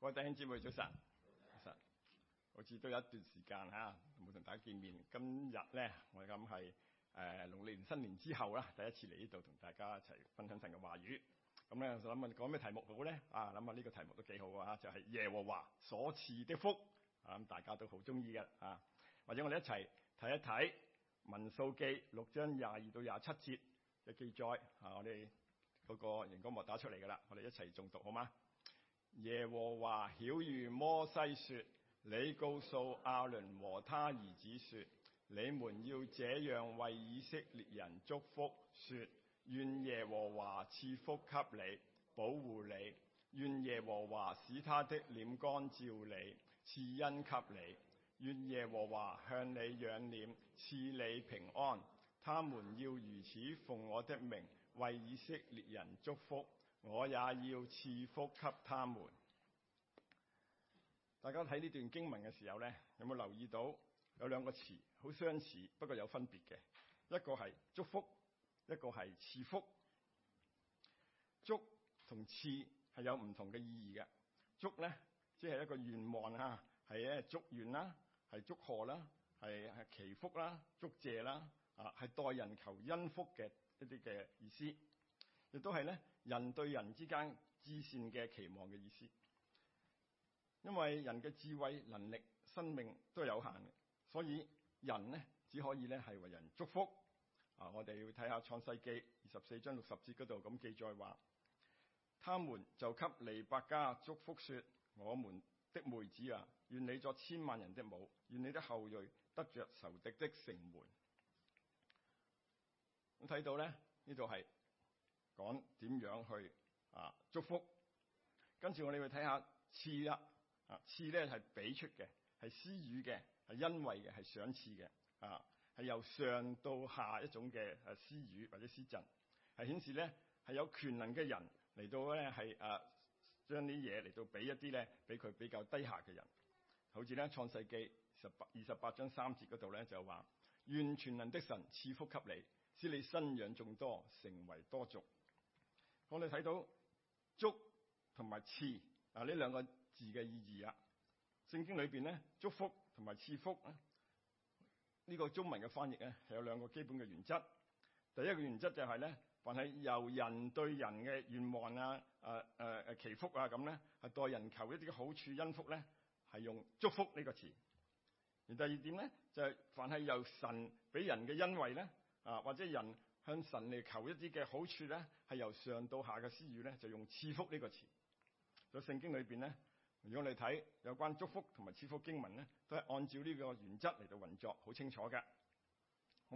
各位弟兄姊妹，早晨！早晨！好似都有一段時間嚇冇同大家見面。今日咧，我哋咁係誒農曆年新年之後啦，第一次嚟呢度同大家一齊分享神嘅話語。咁咧，諗下講咩題目好咧？啊，諗下呢個題目都幾好啊！就係耶和華所賜的福啊！咁大家都好中意嘅啊！或者我哋一齊睇一睇民數記六章廿二到廿七節嘅記載啊！我哋嗰個熒光幕打出嚟噶啦，我哋一齊仲讀好嗎？耶和華曉諭摩西說：你告訴亞倫和他兒子說：你們要這樣為以色列人祝福，說：願耶和華賜福給你，保護你；願耶和華使他的臉光照你，賜恩給你；願耶和華向你仰臉，賜你平安。他們要如此奉我的名為以色列人祝福。我也要賜福給他們。大家睇呢段經文嘅時候咧，有冇留意到有兩個詞好相似，不過有分別嘅？一個係祝福，一個係賜福。祝同賜係有唔同嘅意義嘅。祝咧即係一個願望嚇，係咧祝願啦，係祝賀啦，係係祈福啦，祝謝啦，啊係待人求恩福嘅一啲嘅意思，亦都係咧。人對人之間至善嘅期望嘅意思，因為人嘅智慧、能力、生命都有限嘅，所以人呢，只可以咧係為人祝福。啊，我哋要睇下創世記二十四章六十節嗰度咁記載話，他們就給利百加祝福，說：我們的妹子啊，願你作千萬人的母，願你的後裔得着仇敵的城門。我睇到咧，呢度係。講點樣去啊祝福？跟住我哋會睇下賜啦啊賜咧係俾出嘅，係施予嘅，係恩惠嘅，係賞賜嘅啊係由上到下一種嘅誒施予或者施贈，係顯示咧係有權能嘅人嚟到咧係誒將啲嘢嚟到俾一啲咧俾佢比較低下嘅人，好似咧創世記十八二十八章三節嗰度咧就話，願全能的神賜福給你，使你生養眾多，成為多族。我哋睇到“祝”同埋“賜”啊呢兩個字嘅意義啊，聖經裏邊咧，祝福同埋賜福啊，呢個中文嘅翻譯咧係有兩個基本嘅原則。第一個原則就係咧，凡係由人對人嘅願望啊、誒誒誒祈福啊咁咧，係待人求一啲嘅好處、恩福咧，係用祝福呢個詞。而第二點咧，就係凡係由神俾人嘅恩惠咧，啊或者人。向神嚟求一啲嘅好處咧，係由上到下嘅施予咧，就用賜福呢個詞。喺聖經裏邊咧，如果你睇有關祝福同埋賜福經文咧，都係按照呢個原則嚟到運作，好清楚嘅。咁、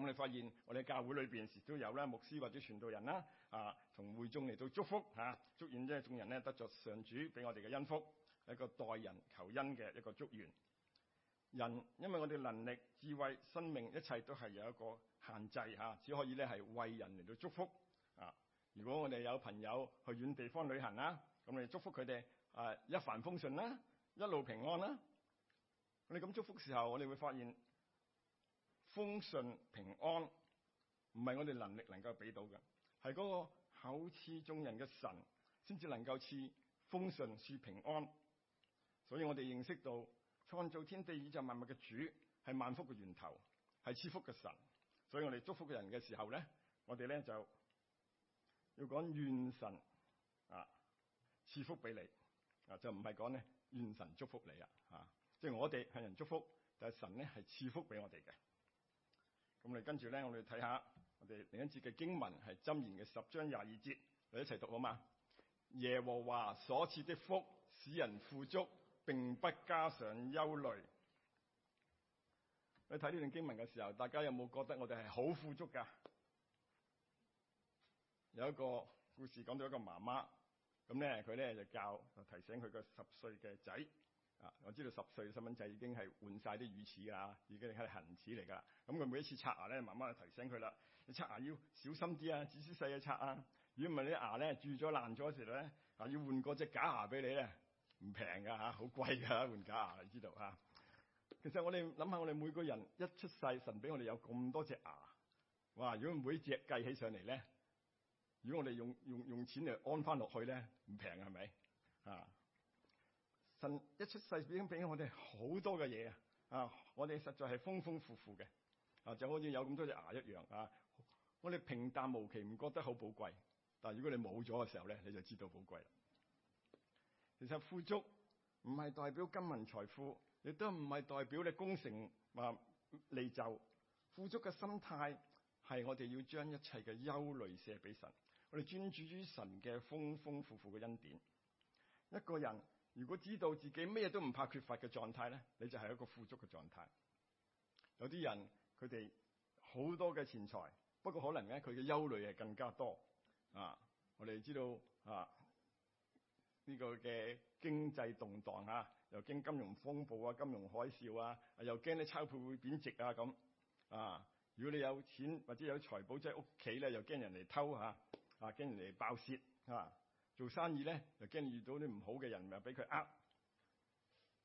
嗯、你發現我哋教會裏邊時都有啦，牧師或者傳道人啦啊，同、啊、會眾嚟到祝福吓、啊，祝願即係眾人咧得咗上主俾我哋嘅恩福，一個代人求恩嘅一個祝願。人，因為我哋能力、智慧、生命，一切都係有一個限制吓，只可以咧係為人嚟到祝福啊！如果我哋有朋友去遠地方旅行啦，咁我哋祝福佢哋啊一帆風順啦，一路平安啦。我哋咁祝福的時候，我哋會發現風順平安唔係我哋能力能夠俾到嘅，係嗰個口賜眾人嘅神先至能夠賜風順賜平安。所以我哋認識到。創造天地宇宙萬物嘅主係萬福嘅源頭，係賜福嘅神，所以我哋祝福嘅人嘅時候咧，我哋咧就要講，願神啊賜福俾你啊，給你就唔係講咧願神祝福你啊，吓，即係我哋向人祝福，但係神咧係賜福俾我哋嘅。咁我哋跟住咧，我哋睇下我哋另一節嘅經文係《箴言》嘅十章廿二節，我哋一齊讀好嘛。耶和華所賜的福使人富足，並不加上憂慮。你睇呢段經文嘅時候，大家有冇覺得我哋係好富足㗎？有一個故事講到一個媽媽，咁咧佢咧就教提醒佢個十歲嘅仔。啊，我知道十歲嘅細蚊仔已經係換晒啲乳齒㗎，已經係恆齒嚟㗎。咁佢每一次刷牙咧，媽媽就提醒佢啦：你刷牙要小心啲啊，只須細嘅刷啊。如果唔係你啲牙咧蛀咗爛咗時候咧，啊要換過隻假牙俾你咧。唔平噶嚇，好貴噶，換假牙，你知道嚇？其實我哋諗下，我哋每個人一出世，神俾我哋有咁多隻牙，哇！如果每隻計起上嚟咧，如果我哋用用用錢嚟安翻落去咧，唔平係咪啊？神一出世已經俾我哋好多嘅嘢啊！我哋實在係豐豐富富嘅啊，就好似有咁多隻牙一樣啊！我哋平淡無奇，唔覺得好寶貴，但係如果你冇咗嘅時候咧，你就知道寶貴啦。其實富足唔係代表金銀財富，亦都唔係代表你功成啊利就。富足嘅心態係我哋要將一切嘅憂慮卸俾神，我哋專注於神嘅豐豐富富嘅恩典。一個人如果知道自己咩嘢都唔怕缺乏嘅狀態咧，你就係一個富足嘅狀態。有啲人佢哋好多嘅錢財，不過可能咧佢嘅憂慮係更加多啊！我哋知道啊。呢個嘅經濟動盪嚇、啊，又驚金融風暴啊、金融海嘯啊，又驚你鈔票會貶值啊咁啊。如果你有錢或者有財寶喺屋企咧，又驚人嚟偷嚇，啊驚人嚟爆竊嚇、啊。做生意咧又驚遇到啲唔好嘅人，咪俾佢呃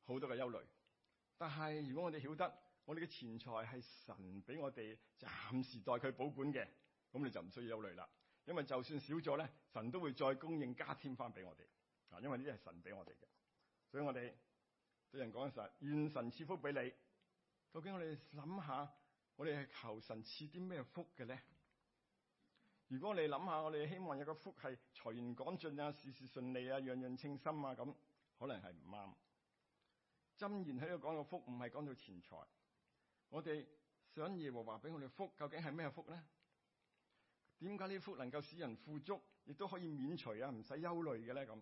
好多嘅憂慮。但係如果我哋曉得我哋嘅錢財係神俾我哋暫時代佢保管嘅，咁你就唔需要憂慮啦。因為就算少咗咧，神都會再供應加添翻俾我哋。因為呢啲係神俾我哋嘅，所以我哋對人講嘅時候願神賜福俾你。究竟我哋諗下，我哋係求神賜啲咩福嘅咧？如果我哋諗下，我哋希望有個福係財源廣進啊、事事順利啊、樣樣稱心啊咁，可能係唔啱。箴言喺度講到福，唔係講到錢財。我哋想耶和華俾我哋福，究竟係咩福咧？點解呢福能夠使人富足，亦都可以免除啊，唔使憂慮嘅咧？咁？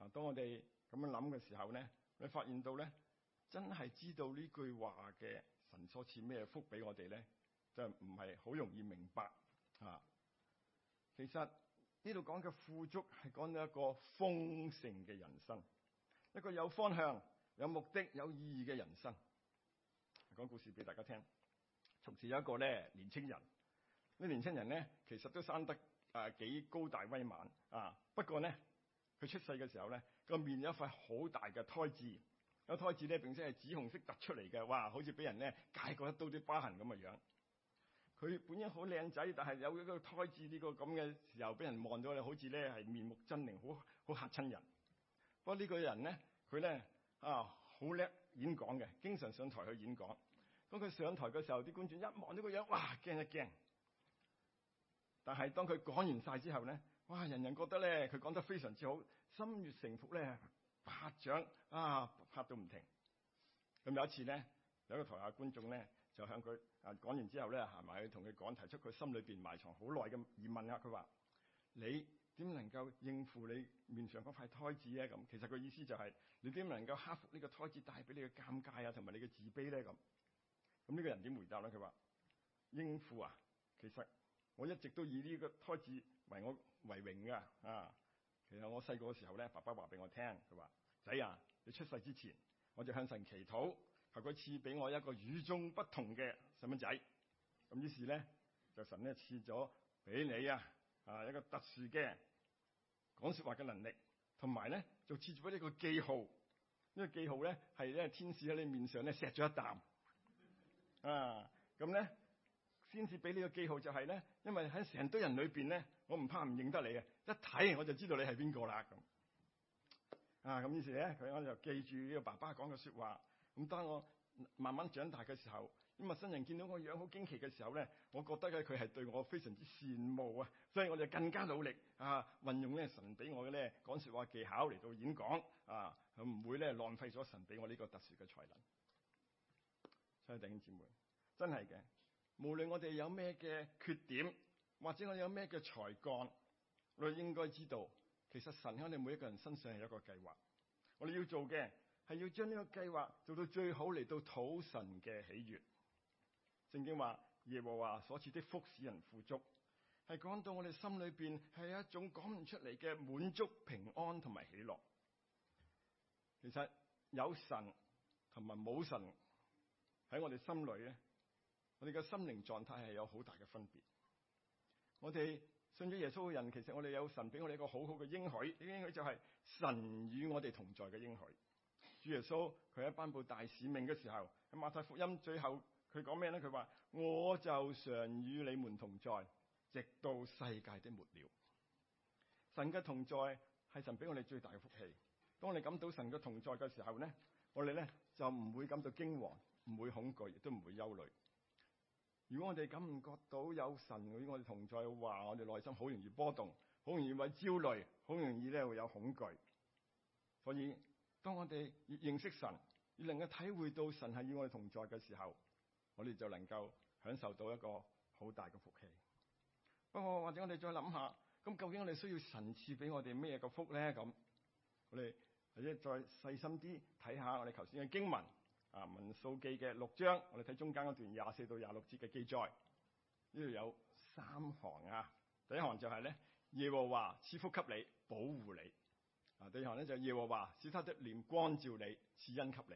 當、啊、當我哋咁樣諗嘅時候咧，你發現到咧，真係知道呢句話嘅神所賜咩福俾我哋咧，就唔係好容易明白啊。其實呢度講嘅富足係講到一個豐盛嘅人生，一個有方向、有目的、有意義嘅人生。講故事俾大家聽，從前有一個咧年青人，年輕人呢年青人咧，其實都生得啊幾高大威猛啊，不過咧。佢出世嘅時候咧，個面有一塊好大嘅胎痣，嗰、那個、胎痣咧，並且係紫紅色凸出嚟嘅，哇！好似俾人咧解過一刀啲疤痕咁嘅樣。佢本應好靚仔，但係有一個胎痣呢、這個咁嘅時候，俾人望到咧好似咧係面目猙獰，好好嚇親人。不過呢個人咧，佢咧啊好叻演講嘅，經常上台去演講。咁佢上台嘅時候，啲觀眾一望呢個樣，哇，驚一驚。但係當佢講完晒之後咧。哇！人人覺得咧，佢講得非常之好，心悅誠服咧，拍掌啊，拍到唔停。咁有一次咧，有個台下觀眾咧就向佢啊講完之後咧，行埋去同佢講，提出佢心裏邊埋藏好耐嘅疑問啊。佢話：你點能夠應付你面上嗰塊胎子咧？咁其實個意思就係你點能夠克服呢個胎子帶俾你嘅尷尬啊，同埋你嘅自卑咧？咁咁呢個人點回答咧？佢話：應付啊，其實我一直都以呢個胎子。為我為榮噶啊！其實我細個時候咧，爸爸話俾我聽，佢話：仔啊，你出世之前，我就向神祈禱，求佢賜俾我一個與眾不同嘅細蚊仔。咁於是咧，就神咧賜咗俾你啊啊一個特殊嘅講、啊、說話嘅能力，同埋咧就賜咗一個記號。呢、這個記號咧係咧天使喺你面上咧錫咗一啖啊！咁咧先至俾呢個記號，就係咧，因為喺成堆人裏邊咧。我唔怕唔認得你嘅，一睇我就知道你係邊個啦咁。啊，咁於是咧，佢我就記住呢個爸爸講嘅說話。咁當我慢慢長大嘅時候，啲陌生人見到我樣好驚奇嘅時候咧，我覺得咧佢係對我非常之羨慕啊，所以我哋更加努力啊，運用咧神俾我嘅咧講說話技巧嚟到演講啊，唔會咧浪費咗神俾我呢個特殊嘅才能。所以弟兄姊妹，真係嘅，無論我哋有咩嘅缺點。或者我有咩嘅才幹，我哋應該知道，其實神喺我哋每一個人身上係一個計劃。我哋要做嘅係要將呢個計劃做到最好，嚟到討神嘅喜悅。聖經話：耶和華所賜的福使人富足，係講到我哋心裏邊係有一種講唔出嚟嘅滿足、平安同埋喜樂。其實有神同埋冇神喺我哋心裏咧，我哋嘅心靈狀態係有好大嘅分別。我哋信咗耶穌嘅人，其實我哋有神俾我哋一個好好嘅應許，呢個應許就係神與我哋同在嘅應許。主耶穌佢喺頒布大使命嘅時候，喺馬太福音最後佢講咩咧？佢話我就常與你們同在，直到世界的末了。神嘅同在係神俾我哋最大嘅福氣。當我哋感到神嘅同在嘅時候咧，我哋咧就唔會感到驚惶，唔會恐懼，亦都唔會憂慮。如果我哋感唔覺到有神與我哋同在嘅話，話我哋內心好容易波動，好容易為焦慮，好容易咧會有恐懼。所以，當我哋越認識神，越能夠體會到神係與我哋同在嘅時候，我哋就能夠享受到一個好大嘅福氣。不過，或者我哋再諗下，咁究竟我哋需要神賜俾我哋咩嘅福咧？咁，我哋或者再細心啲睇下我哋頭先嘅經文。啊，民數記嘅六章，我哋睇中間嗰段廿四到廿六節嘅記載，呢度有三行啊。第一行就係咧，耶和華賜福給你，保護你。啊，第二行咧就耶和華使他的臉光照你，賜恩給你。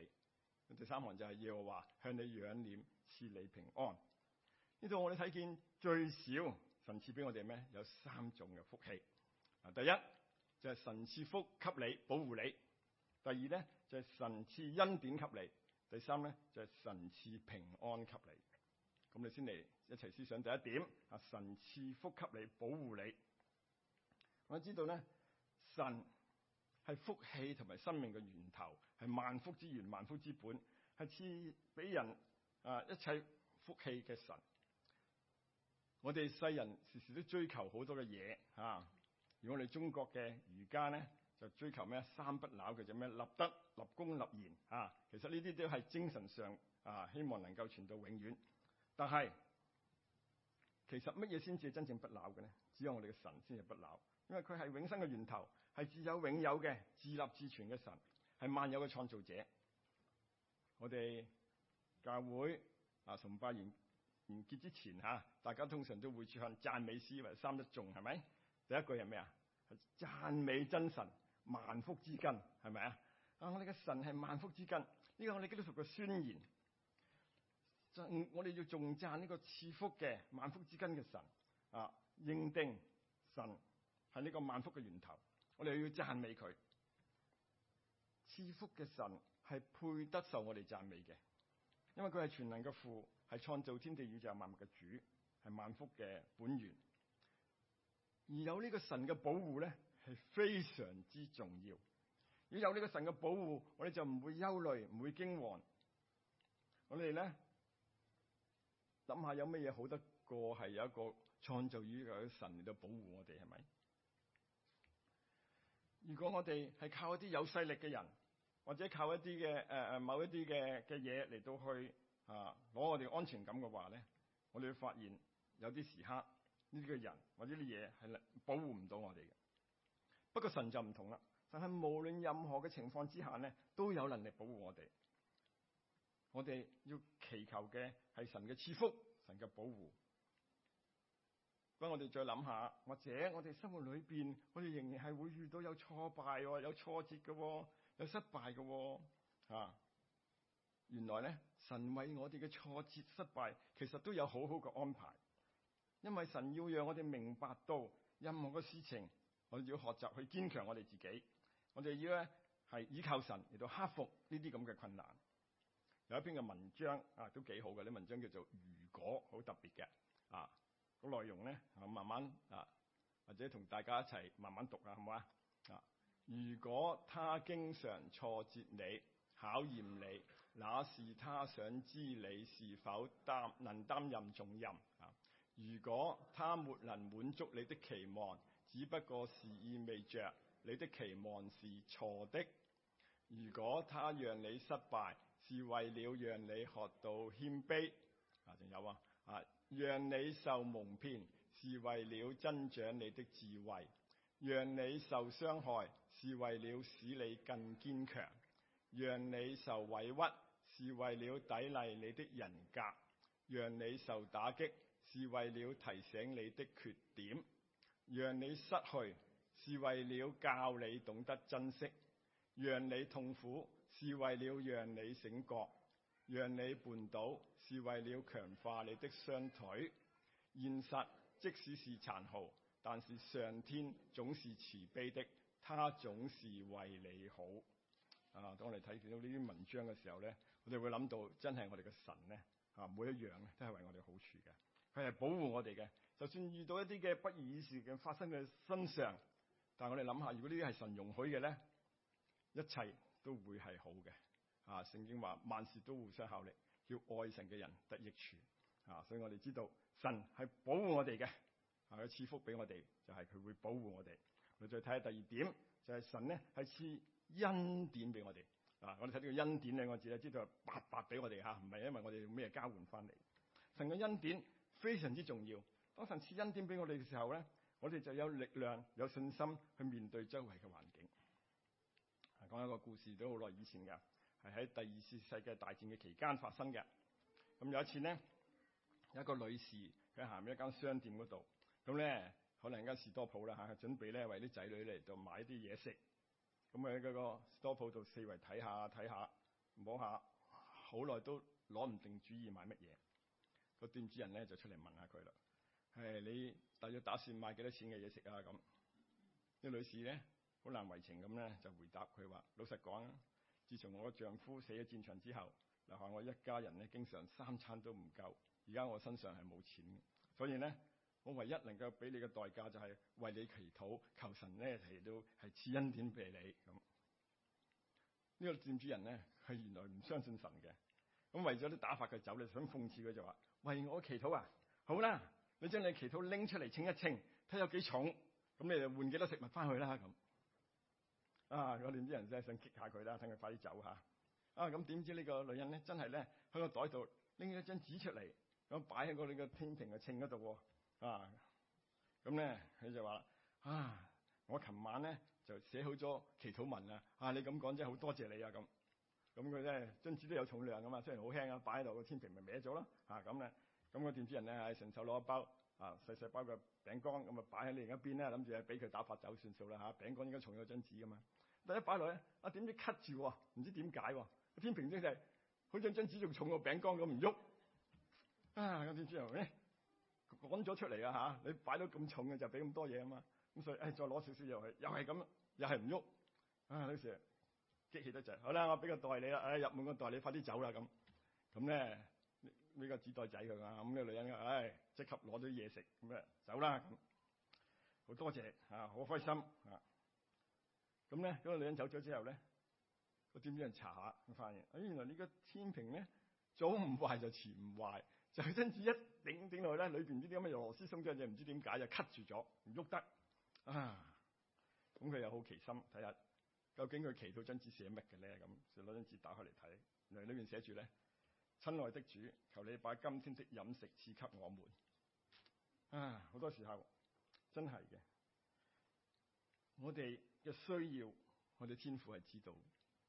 啊，第三行就係耶和華向你仰臉，賜你平安。呢度我哋睇見最少神賜俾我哋咩？有三種嘅福氣。啊，第一就係、是、神賜福給你，保護你。第二咧就係、是、神賜恩典給你。第三咧就係、是、神賜平安給你，咁你先嚟一齊思想第一點啊，神賜福給你，保護你。我知道咧，神係福氣同埋生命嘅源頭，係萬福之源、萬福之本，係賜俾人啊一切福氣嘅神。我哋世人時時都追求好多嘅嘢啊，而我哋中國嘅儒家咧。就追求咩？三不朽嘅就咩？立德、立功、立言啊！其實呢啲都係精神上啊，希望能夠傳到永遠，但係其實乜嘢先至真正不朽嘅咧？只有我哋嘅神先係不朽，因為佢係永生嘅源頭，係自有永有嘅自立自存嘅神，係萬有嘅創造者。我哋教會啊，崇拜完完結之前吓、啊，大家通常都會唱讚美詩，或者三一眾係咪？第一個係咩啊？係讚美真神。萬福之根係咪啊？啊，我哋嘅神係萬福之根，呢個我哋基督徒嘅宣言。讚、啊，我哋要重讚呢個賜福嘅萬福之根嘅神，根神啊！認定神係呢個萬福嘅源頭，我哋要讚美佢。賜福嘅神係配得受我哋讚美嘅，因為佢係全能嘅父，係創造天地宇宙萬物嘅主，係萬福嘅本源。而有呢個神嘅保護咧，係非常之重要。如果有呢個神嘅保護，我哋就唔會憂慮，唔會驚惶。我哋咧諗下，想想有乜嘢好得過係有一個創造宇宙嘅神嚟到保護我哋？係咪？如果我哋係靠一啲有勢力嘅人，或者靠一啲嘅誒誒某一啲嘅嘅嘢嚟到去啊攞我哋安全感嘅話咧，我哋會發現有啲時刻呢個人或者啲嘢係保護唔到我哋嘅。不過神就唔同啦，但係無論任何嘅情況之下咧，都有能力保護我哋。我哋要祈求嘅係神嘅賜福、神嘅保護。咁我哋再諗下，或者我哋生活裏邊，我哋仍然係會遇到有挫敗、有挫折嘅，有失敗嘅。啊，原來咧，神為我哋嘅挫折、失敗，其實都有好好嘅安排，因為神要讓我哋明白到任何嘅事情。我哋要學習去堅強我哋自己，我哋要咧係依靠神嚟到克服呢啲咁嘅困難。有一篇嘅文章啊，都幾好嘅。啲文章叫做《如果》，好特別嘅啊、那個內容咧，我慢慢啊或者同大家一齊慢慢讀啊，係嘛啊？如果他經常挫折你、考驗你，那是他想知你是否擔能擔任重任啊？如果他沒能滿足你的期望，只不過是意味著你的期望是錯的。如果他讓你失敗，是為了讓你學到謙卑；啊，仲有啊，啊，讓你受蒙騙，是為了增長你的智慧；讓你受傷害，是為了使你更堅強；讓你受委屈，是為了砥礪你的人格；讓你受打擊，是為了提醒你的缺點。讓你失去是為了教你懂得珍惜，讓你痛苦是為了讓你醒覺，讓你絆倒是為了強化你的雙腿。現實即使是殘酷，但是上天總是慈悲的，他總是為你好。啊，當我哋睇見到呢啲文章嘅時候咧，我哋會諗到，真係我哋嘅神咧，啊，每一樣咧都係為我哋好處嘅，佢係保護我哋嘅。就算遇到一啲嘅不如意事嘅發生嘅身上，但係我哋諗下，如果呢啲係神容許嘅咧，一切都會係好嘅。啊，聖經話萬事都互相效力，叫愛神嘅人得益處。啊，所以我哋知道神係保護我哋嘅，啊，佢賜福俾我哋就係、是、佢會保護我哋。我哋再睇下第二點，就係、是、神咧係賜恩典俾我哋。啊，我哋睇呢個恩典兩個字咧，我知道係白白俾我哋吓，唔、啊、係因為我哋用咩交換翻嚟。神嘅恩典非常之重要。當神施恩典俾我哋嘅時候咧，我哋就有力量、有信心去面對周圍嘅環境。講一個故事都好耐以前嘅，係喺第二次世界大戰嘅期間發生嘅。咁有一次咧，有一個女士佢行喺一間商店嗰度，咁咧可能間士多鋪啦嚇，準備咧為啲仔女嚟到買啲嘢食。咁喺嗰個士多鋪度四圍睇下睇下摸下，好耐都攞唔定主意買乜嘢。個店主人咧就出嚟問下佢啦。係、哎、你大約打算買幾多錢嘅嘢食啊？咁呢女士咧，好難為情咁咧，就回答佢話：老實講，自從我丈夫死喺戰場之後，留下我一家人咧，經常三餐都唔夠。而家我身上係冇錢，所以咧，我唯一能夠俾你嘅代價就係為你祈禱，求神咧係到係賜恩典俾你咁。這這個戰呢個店主人咧，佢原來唔相信神嘅，咁為咗啲打發佢走，你想諷刺佢就話：為我祈禱啊！好啦。你將你祈禱拎出嚟稱一稱，睇有幾重，咁你就換幾多食物翻去啦咁。啊，嗰啲人真係想激下佢啦，等佢快啲走嚇。啊，咁、啊、點知呢個女人咧真係咧喺個袋度拎咗張紙出嚟，咁擺喺嗰個天平嘅稱嗰度喎。啊，咁咧佢就話：啊，我琴晚咧就寫好咗祈禱文啦。啊，你咁講真係好多謝你啊咁。咁佢咧張紙都有重量噶嘛，雖然好輕啊，擺喺度個天平咪歪咗咯。啊，咁、啊、咧。咁個店主人咧，係順手攞一包啊，細細包嘅餅乾，咁啊擺喺另一邊咧，諗住係俾佢打發走算數啦嚇。餅乾應該重咗張紙噶嘛，第一擺落咧，啊點知咳住喎？唔、啊、知點解喎？天平就係好似張紙仲重過餅乾咁唔喐。啊，個、啊、店主人咧趕咗出嚟啊嚇！你擺到咁重嘅就俾咁多嘢啊嘛，咁所以誒、哎、再攞少少入去，又係咁，又係唔喐。啊，女士激氣得滯，好啦，我俾個代理啦，唉，入門個代理，啊、代理快啲走啦咁，咁咧。呢個紙袋仔佢講，咁呢個女人唉，即刻攞咗啲嘢食咁啊，走啦咁。好多謝嚇，好開心嚇。咁咧，嗰個女人走咗之後咧，個店主人查下，發現哎原來呢個天平咧早唔壞就遲唔壞，就係張紙一頂頂落去咧，裏邊呢啲咁嘅螺絲鬆鬆哋唔知點解就 cut 住咗，唔喐得啊。咁佢有好奇心，睇下究竟佢祈禱張紙寫乜嘅咧咁，就攞張紙打開嚟睇，原來裏邊寫住咧。親愛的主，求你把今天的飲食賜給我們。啊，好多時候真係嘅，我哋嘅需要，我哋天父係知道，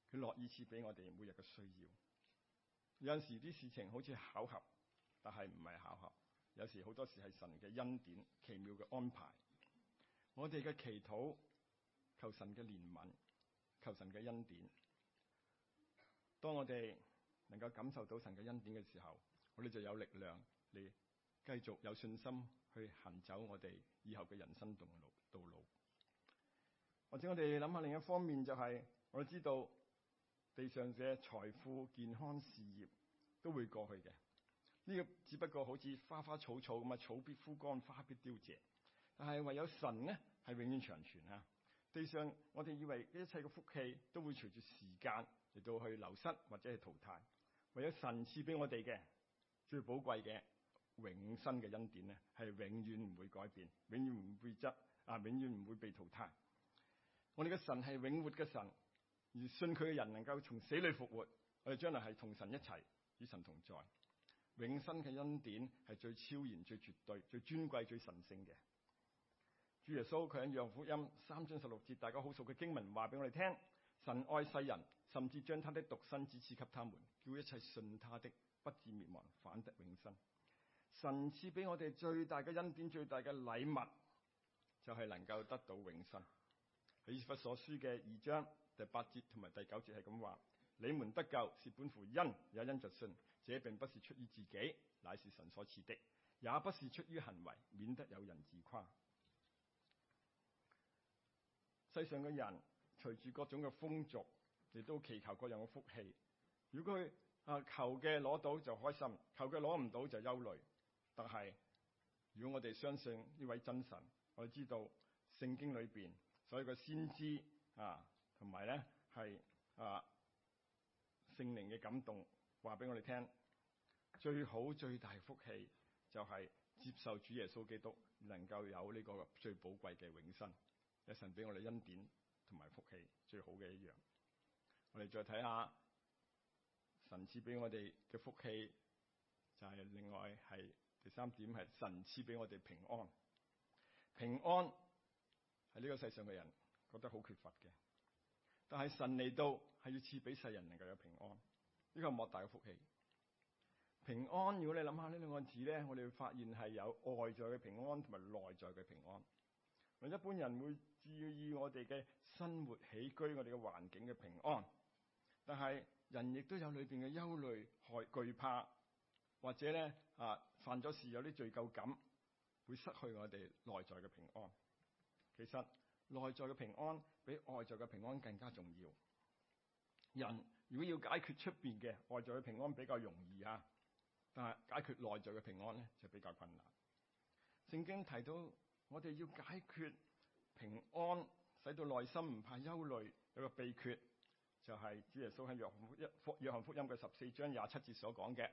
佢樂意賜俾我哋每日嘅需要。有陣時啲事情好似巧合，但係唔係巧合。有時好多時係神嘅恩典，奇妙嘅安排。我哋嘅祈禱，求神嘅憐憫，求神嘅恩典。當我哋能夠感受到神嘅恩典嘅時候，我哋就有力量嚟繼續有信心去行走我哋以後嘅人生道路。道路。或者我哋諗下另一方面，就是，就係我哋知道地上嘅財富、健康、事業都會過去嘅。呢個只不過好似花花草草咁啊，草必枯乾，花必凋謝。但係唯有神呢，係永遠長存啊！地上我哋以為一切嘅福氣都會隨住時間嚟到去流失或者係淘汰。為咗神賜俾我哋嘅最寶貴嘅永生嘅恩典咧，係永遠唔會改變，永遠唔會變質啊，永遠唔會被淘汰。我哋嘅神係永活嘅神，而信佢嘅人能夠從死裏復活，我哋將來係同神一齊，與神同在。永生嘅恩典係最超然、最絕對、最尊貴、最神聖嘅。主耶穌佢喺《約翰福音》三章十六節，大家好熟嘅經文，話俾我哋聽。神愛世人，甚至將他的獨生子賜給他們，叫一切信他的不至滅亡，反得永生。神賜俾我哋最大嘅恩典、最大嘅禮物，就係、是、能夠得到永生。以弗所書嘅二章第八節同埋第九節係咁話：你們得救是本乎恩，也因着信。這并不是出於自己，乃是神所賜的，也不是出於行為，免得有人自誇。世上嘅人。隨住各種嘅風俗，亦都祈求各樣嘅福氣。如果佢啊求嘅攞到就開心，求嘅攞唔到就憂慮。但係如果我哋相信呢位真神，我哋知道聖經裏邊所有嘅先知啊，同埋咧係啊聖靈嘅感動，話俾我哋聽，最好最大福氣就係接受主耶穌基督，能夠有呢個最寶貴嘅永生。一神俾我哋恩典。同埋福氣最好嘅一樣，我哋再睇下神賜俾我哋嘅福氣，就係、是、另外係第三點係神賜俾我哋平安。平安係呢個世上嘅人覺得好缺乏嘅，但係神嚟到係要賜俾世人能夠有平安，呢、這個莫大嘅福氣。平安，如果你諗下呢兩個字咧，我哋會發現係有外在嘅平安同埋內在嘅平安。一般人會。注意我哋嘅生活起居，我哋嘅環境嘅平安。但係人亦都有裏邊嘅憂慮、害懼怕，或者咧啊犯咗事有啲罪疚感，會失去我哋內在嘅平安。其實內在嘅平安比外在嘅平安更加重要。人如果要解決出邊嘅外在嘅平安比較容易啊，但係解決內在嘅平安咧就比較困難。聖經提到我哋要解決。平安使到內心唔怕憂慮，有個秘訣就係、是、主耶穌喺約翰一約翰福音嘅十四章廿七節所講嘅，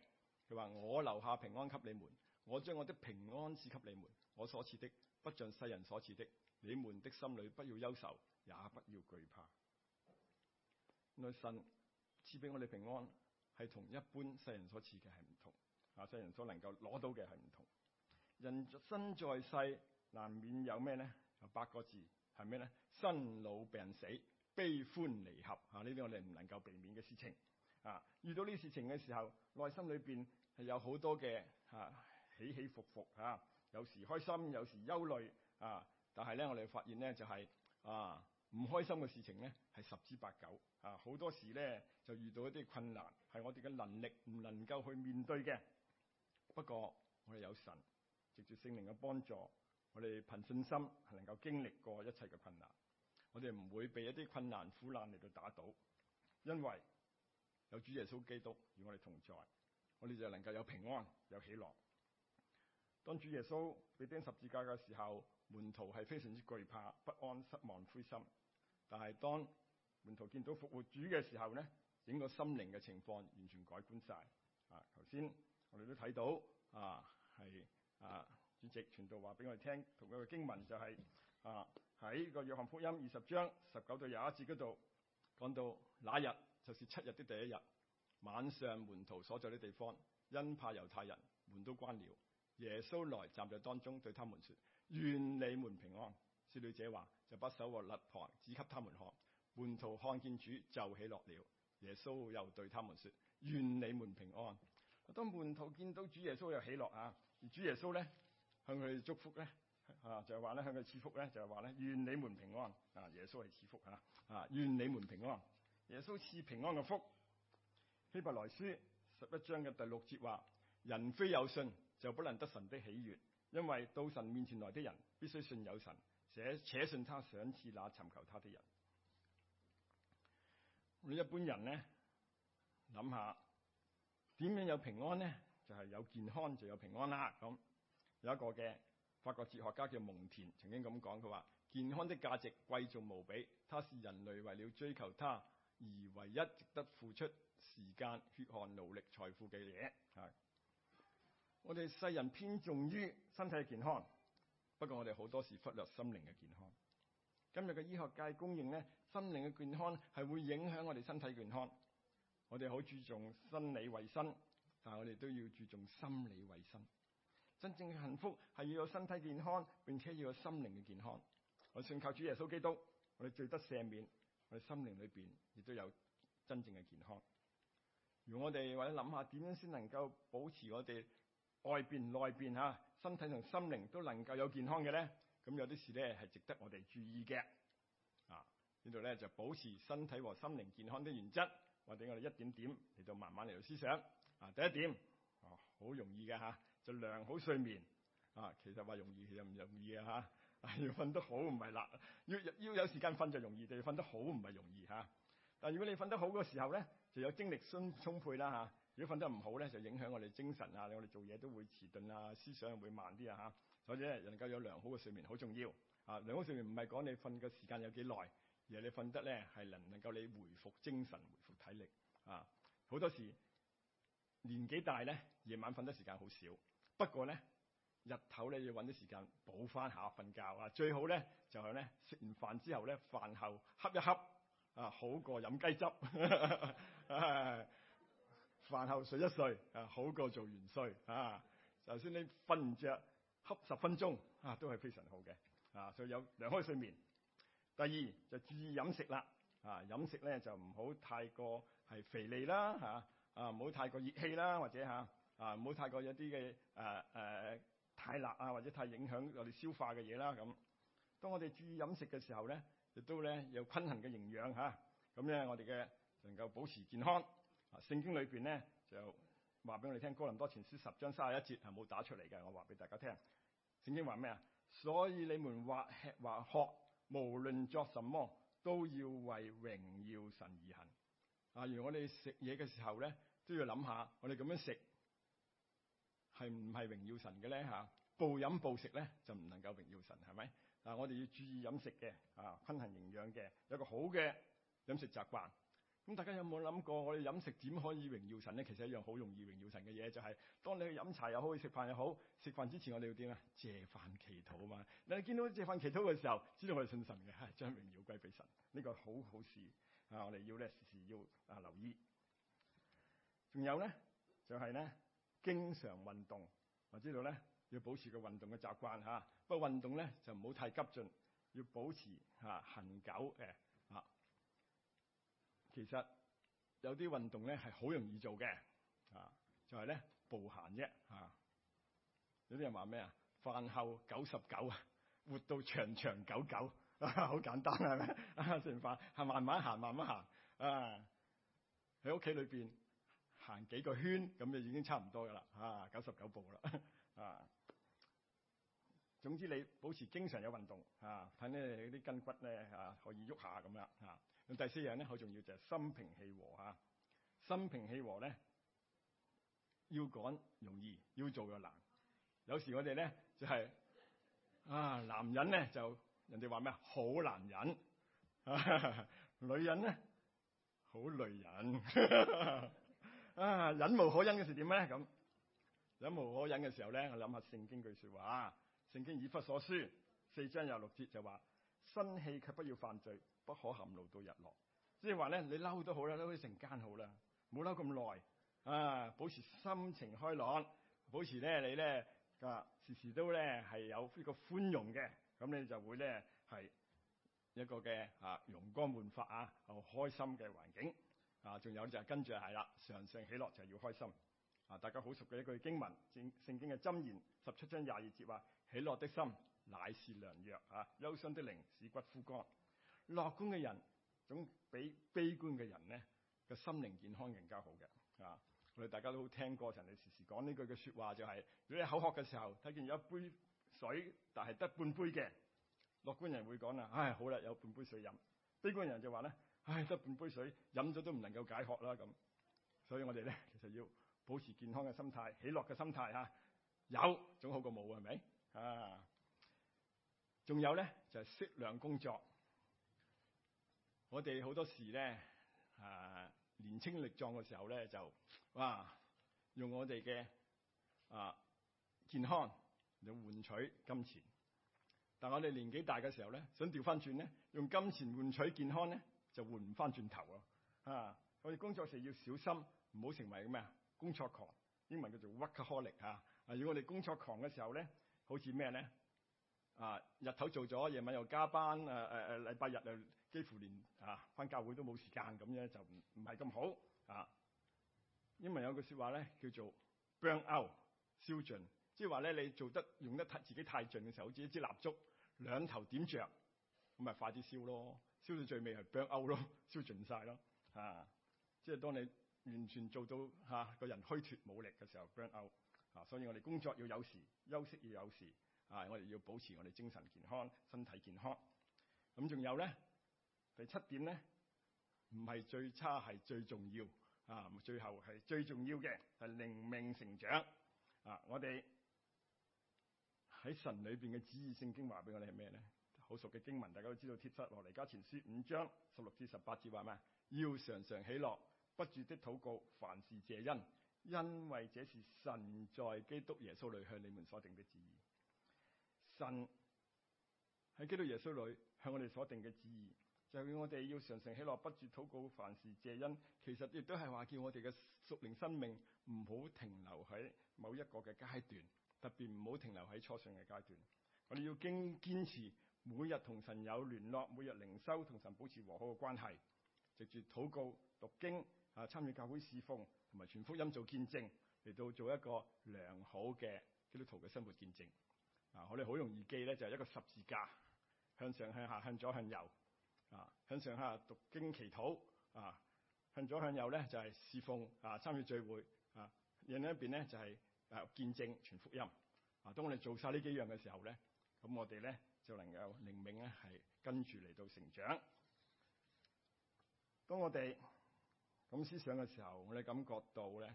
佢話：我留下平安給你們，我將我的平安賜給你們，我所賜的不像世人所賜的，你們的心裏不要憂愁，也不要懼怕。神賜俾我哋平安係同一般世人所賜嘅係唔同，啊，世人所能夠攞到嘅係唔同。人生在世難免有咩呢？」。八個字係咩呢？「生老病死、悲歡離合，啊，呢啲我哋唔能夠避免嘅事情。啊，遇到呢事情嘅時候，內心裏邊係有好多嘅啊、啊、起起伏伏啊、啊，有時開心，有時憂慮。啊，但係呢，我哋發現呢就係、是、啊唔開心嘅事情呢係十之八九。啊，好多時呢，就遇到一啲困難，係我哋嘅能力唔能夠去面對嘅。不過我哋有神藉住聖靈嘅幫助。我哋憑信心係能夠經歷過一切嘅困難，我哋唔會被一啲困難苦難嚟到打倒，因為有主耶穌基督與我哋同在，我哋就能夠有平安有喜樂。當主耶穌被釘十字架嘅時候，門徒係非常之懼怕、不安、失望、灰心。但係當門徒見到復活主嘅時候咧，整個心靈嘅情況完全改觀晒。啊，頭先我哋都睇到啊，啊。係啊。主席傳道話俾我哋聽，同佢嘅經文就係、是、啊，喺個約翰福音二十章十九到廿一節嗰度講到，那日就是七日的第一日晚上，門徒所在的地方因怕猶太人，門都關了。耶穌來站在當中，對他們説：願你們平安。少女者話，就把手和肋旁，指給他們看。門徒看見主就喜樂了。耶穌又對他們説：願你們平安。當門徒見到主耶穌又喜樂啊，而主耶穌呢？向佢祝福咧，啊，就係話咧向佢賜福咧，就係話咧願你們平安啊！耶穌係賜福吓啊，啊！願你們平安，耶穌賜平安嘅福。希伯來書十一章嘅第六節話：人非有信，就不能得神的喜悅，因為到神面前來的人，必須信有神，且且信他賞賜那尋求他的人。你一般人咧諗下，點樣有平安咧？就係、是、有健康就有平安啦。咁、嗯。有一個嘅法國哲學家叫蒙田，曾經咁講，佢話：健康的價值貴重無比，它是人類為了追求它而唯一值得付出時間、血汗、勞力、財富嘅嘢。係我哋世人偏重於身體健康，不過我哋好多時忽略心靈嘅健康。今日嘅醫學界公認呢，心靈嘅健康係會影響我哋身體的健康。我哋好注重生理衛生，但係我哋都要注重心理衛生。真正嘅幸福係要有身體健康，並且要有心靈嘅健康。我信靠主耶穌基督，我哋罪得赦免，我哋心靈裏邊亦都有真正嘅健康。如我哋或者諗下點樣先能夠保持我哋外邊內邊吓身體同心靈都能夠有健康嘅呢？咁有啲事呢係值得我哋注意嘅啊。呢度呢就保持身體和心靈健康的原則，或者我哋一點點嚟到慢慢嚟到思想啊。第一點，好、啊、容易嘅吓。啊就良好睡眠啊，其實話容易其實唔容易啊嚇！要瞓得好唔係啦，要要有時間瞓就容易，就要瞓得好唔係容易吓、啊，但如果你瞓得好嘅時候咧，就有精力充充沛啦吓、啊，如果瞓得唔好咧，就影響我哋精神啊，我哋做嘢都會遲鈍啊，思想會慢啲啊吓，所以咧能夠有良好嘅睡眠好重要啊！良好睡眠唔係講你瞓嘅時間有幾耐，而係你瞓得咧係能唔能夠你回復精神、回復體力啊。好多時年紀大咧，夜晚瞓得時間好少。不過咧，日頭咧要搵啲時間補翻下瞓覺啊，最好咧就係咧食完飯之後咧，飯後瞌一瞌啊，好過飲雞汁。飯、啊、後睡一睡啊，好過做元帥啊。就算你瞓唔着，瞌十分鐘啊，都係非常好嘅啊。所以有良好睡眠。第二就注意飲食啦啊，飲食咧就唔好太過係肥膩啦吓啊，唔、啊、好太過熱氣啦或者吓。啊啊！唔好太過有啲嘅，誒誒，太辣啊，或者太影響我哋消化嘅嘢啦。咁當我哋注意飲食嘅時候咧，亦都咧有均衡嘅營養吓。咁咧，我哋嘅能夠保持健康。啊！聖經裏邊咧就話俾我哋聽《哥林多前書》十章三十一節，係冇打出嚟嘅。我話俾大家聽，聖經話咩啊？所以你們或吃或喝，無論作什麼，都要為榮耀神而行。啊！如果我哋食嘢嘅時候咧，都要諗下我哋咁樣食。係唔係榮耀神嘅咧嚇？暴飲暴食咧就唔能夠榮耀神，係咪？嗱、啊，我哋要注意飲食嘅，啊，均衡營養嘅，有個好嘅飲食習慣。咁大家有冇諗過，我哋飲食點可以榮耀神咧？其實一樣好容易榮耀神嘅嘢，就是，就係當你去飲茶又好，去食飯又好，食飯之前我哋要點啊？謝飯祈禱啊嘛。你見到謝飯祈禱嘅時候，知道我哋信神嘅，將、啊、榮耀歸俾神，呢、這個好好事啊！我哋要咧，時時要啊留意。仲有咧，就係、是、咧。經常運動，我知道咧要保持個運動嘅習慣嚇。不過運動咧就唔好太急進，要保持嚇恆、啊、久嘅嚇、啊。其實有啲運動咧係好容易做嘅啊，就係咧步行啫啊。有啲人話咩啊？飯後九十九啊，活到長長久久，好、啊、簡單係咪？食完飯係慢慢行，慢慢行啊，喺屋企裏邊，行幾個圈咁就已經差唔多噶啦，嚇九十九步啦。啊，總之你保持經常有運動啊，睇咧你啲筋骨咧啊可以喐下咁樣啊。咁第四樣咧好重要就係心平氣和啊。心平氣和咧要講容易，要做就難。有時我哋咧就係、是、啊，男人咧就人哋話咩啊，好男人，啊、女人咧好累人。啊。啊！忍無可忍嘅事點咧？咁忍無可忍嘅時候咧，我諗下聖經句說話。聖經以弗所書四章廿六節就話：生氣卻不要犯罪，不可含怒到日落。即係話咧，你嬲都好啦，嬲成間好啦，冇嬲咁耐。啊，保持心情開朗，保持咧你咧啊，時時都咧係有呢個寬容嘅，咁你就會咧係一個嘅啊容光煥發啊，又開心嘅環境。啊，仲有就係跟住係啦，常常喜樂就要開心。啊，大家好熟嘅一句經文，聖聖經嘅箴言十七章廿二節話：喜樂的心乃是良藥，啊，憂傷的靈是骨枯乾。樂觀嘅人總比悲觀嘅人咧，個心靈健康更加好嘅。啊，我哋大家都好聽過人哋時時講呢句嘅説話，就是，就係如果你口渴嘅時候睇見有一杯水，但係得半杯嘅，樂觀人會講啦，唉，好啦，有半杯水飲。悲觀人就話咧。唉，得半杯水，飲咗都唔能夠解渴啦，咁，所以我哋咧其實要保持健康嘅心態、喜樂嘅心態吓、啊，有總好過冇係咪？啊，仲有咧就係、是、適量工作。我哋好多時咧、啊，年青力壯嘅時候咧就哇，用我哋嘅啊健康嚟換取金錢，但我哋年紀大嘅時候咧，想調返轉咧，用金錢換取健康咧。就換唔翻轉頭咯啊！我哋工作時要小心，唔好成為咩啊？工作狂，英文叫做 workaholic 啊，啊！如果我哋工作狂嘅時候咧，好似咩咧啊？日頭做咗，夜晚又加班，誒誒誒，禮、啊、拜日又幾乎連啊翻教會都冇時間咁樣，就唔唔係咁好啊！英文有句説話咧，叫做 burn out，燒盡，即係話咧，你做得用得太自己太盡嘅時候，好似一支蠟燭兩頭點着，咁咪快啲燒咯。燒到最尾係 burn out 咯，燒盡晒咯，啊，即係當你完全做到吓、啊、個人虛脫冇力嘅時候，burn out 啊！所以我哋工作要有時，休息要有時，啊，我哋要保持我哋精神健康、身體健康。咁、啊、仲有咧，第七點咧，唔係最差係最重要啊，最後係最重要嘅係靈命成長啊！我哋喺神裏面嘅旨意，聖經話俾我哋係咩咧？好熟嘅經文，大家都知道貼，帖撒羅尼迦前書五章十六至十八節話咩？要常常喜樂，不住的禱告，凡事謝恩，因為這是神在基督耶穌裏向你們所定的旨意。神喺基督耶穌裏向我哋所定嘅旨意，就叫、是、我哋要常常喜樂，不住禱告，凡事謝恩。其實亦都係話叫我哋嘅屬靈生命唔好停留喺某一個嘅階段，特別唔好停留喺初信嘅階段。我哋要經堅持。每日同神有聯絡，每日靈修同神保持和好嘅關係，直接禱告讀經啊，參與教會侍奉同埋傳福音做見證，嚟到做一個良好嘅基督徒嘅生活見證啊！我哋好容易記咧，就係一個十字架向上、向下、向左、向右啊！向上下讀經祈禱啊，向左向右咧就係侍奉啊，參與聚會啊，另一邊咧就係誒、啊、見證傳福音啊。當我哋做晒呢幾樣嘅時候咧，咁我哋咧。就能夠靈命咧，係跟住嚟到成長。當我哋咁思想嘅時候，我哋感覺到咧，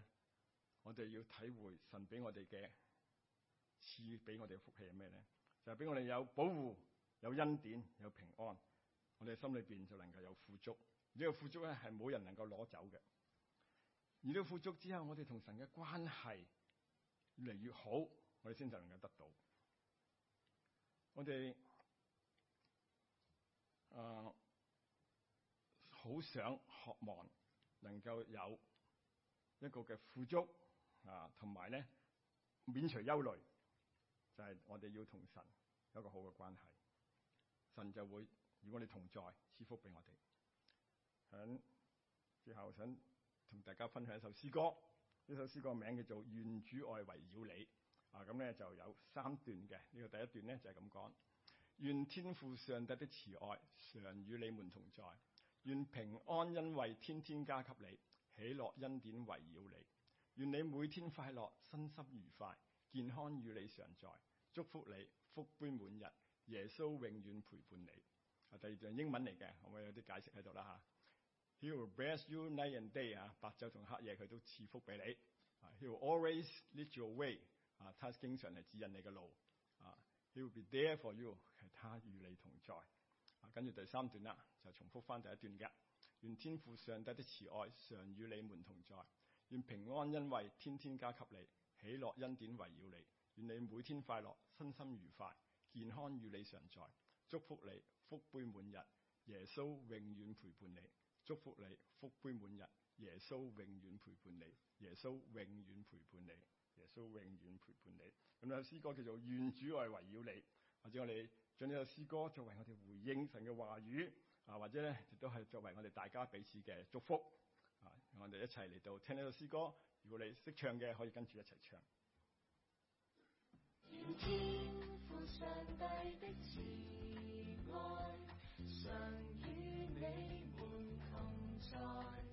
我哋要體會神俾我哋嘅賜俾我哋嘅福氣係咩咧？就係、是、俾我哋有保護、有恩典、有平安。我哋心裏邊就能夠有富足。呢、這個富足咧係冇人能夠攞走嘅。而呢個富足之後，我哋同神嘅關係越嚟越好，我哋先就能夠得到。我哋誒，好、呃、想渴望能夠有一個嘅富足啊，同埋咧免除憂慮，就係、是、我哋要同神有一個好嘅關係，神就會與你同在，賜福俾我哋。響最後想同大家分享一首詩歌，呢首詩歌名叫做《願主愛圍繞你》。啊，咁咧就有三段嘅。呢個第一段咧就係咁講：願天父上帝的慈愛常與你們同在；願平安恩惠天天加給你，喜樂恩典圍繞你；願你每天快樂、身心愉快、健康與你常在，祝福你福杯滿溢，耶穌永遠陪伴你。啊，第二段英文嚟嘅，我咪有啲解釋喺度啦嚇。He will bless you night and day 啊，啊白晝同黑夜佢都賜福俾你。He will always lead your way。啊，他經常嚟，指引你嘅路。啊，He will be there for you，係他與你同在。啊，跟住第三段啦，就重複翻第一段嘅。願天父上帝的慈愛常與你們同在。願平安恩惠天天加給你，喜樂恩典圍繞你。願你每天快樂，身心愉快，健康與你常在。祝福你，福杯滿日，耶穌永遠陪伴你。祝福你，福杯滿日，耶穌永遠陪伴你，耶穌永遠陪伴你。耶穌永遠陪伴你，咁呢首詩歌叫做《願主愛圍繞你》，或者我哋將呢首詩歌作為我哋回應神嘅話語，啊，或者咧亦都係作為我哋大家彼此嘅祝福，啊，我哋一齊嚟到聽呢首詩歌。如果你識唱嘅，可以跟住一齊唱。願天上上帝的慈愛常與你們同在。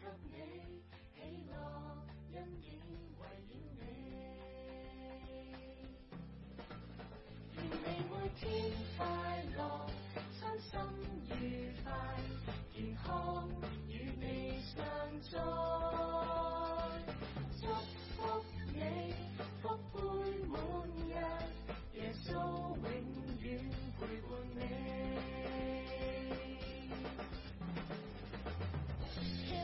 給你喜樂恩典，為了你，願你每天快樂，身心愉快，健康與你常在。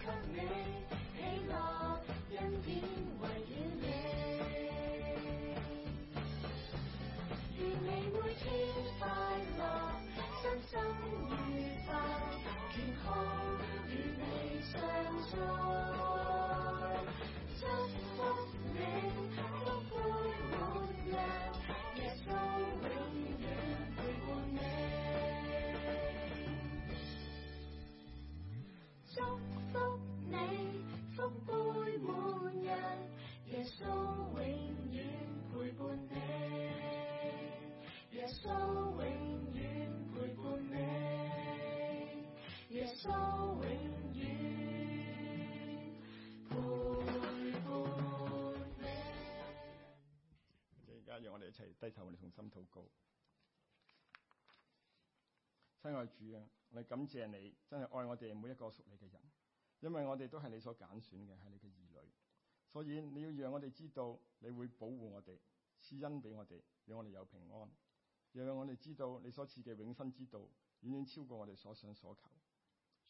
給你喜樂恩典，為了你，願你，你，你每天快樂、身心愉快、健康與你相依。即係而家，讓我哋一齊低頭我，我哋同心禱告。親愛主啊，我哋感謝你，真係愛我哋每一個屬你嘅人，因為我哋都係你所揀選嘅，係你嘅兒女。所以你要讓我哋知道你會保護我哋，賜恩俾我哋，讓我哋有平安。又讓我哋知道你所賜嘅永生之道，遠遠超過我哋所想所求。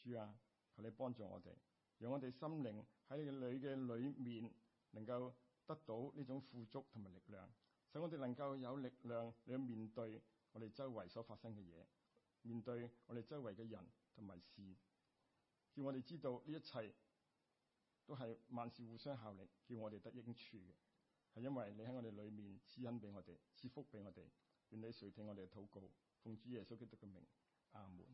主啊，求你幫助我哋，讓我哋心靈喺你嘅裏嘅裏面，能夠得到呢種富足同埋力量，使我哋能夠有力量嚟去面對我哋周圍所發生嘅嘢，面對我哋周圍嘅人同埋事，要我哋知道呢一切，都係萬事互相效力，叫我哋得益處嘅，係因為你喺我哋裏面賜恩俾我哋，賜福俾我哋，願你垂聽我哋嘅禱告，奉主耶穌基督嘅名，阿門。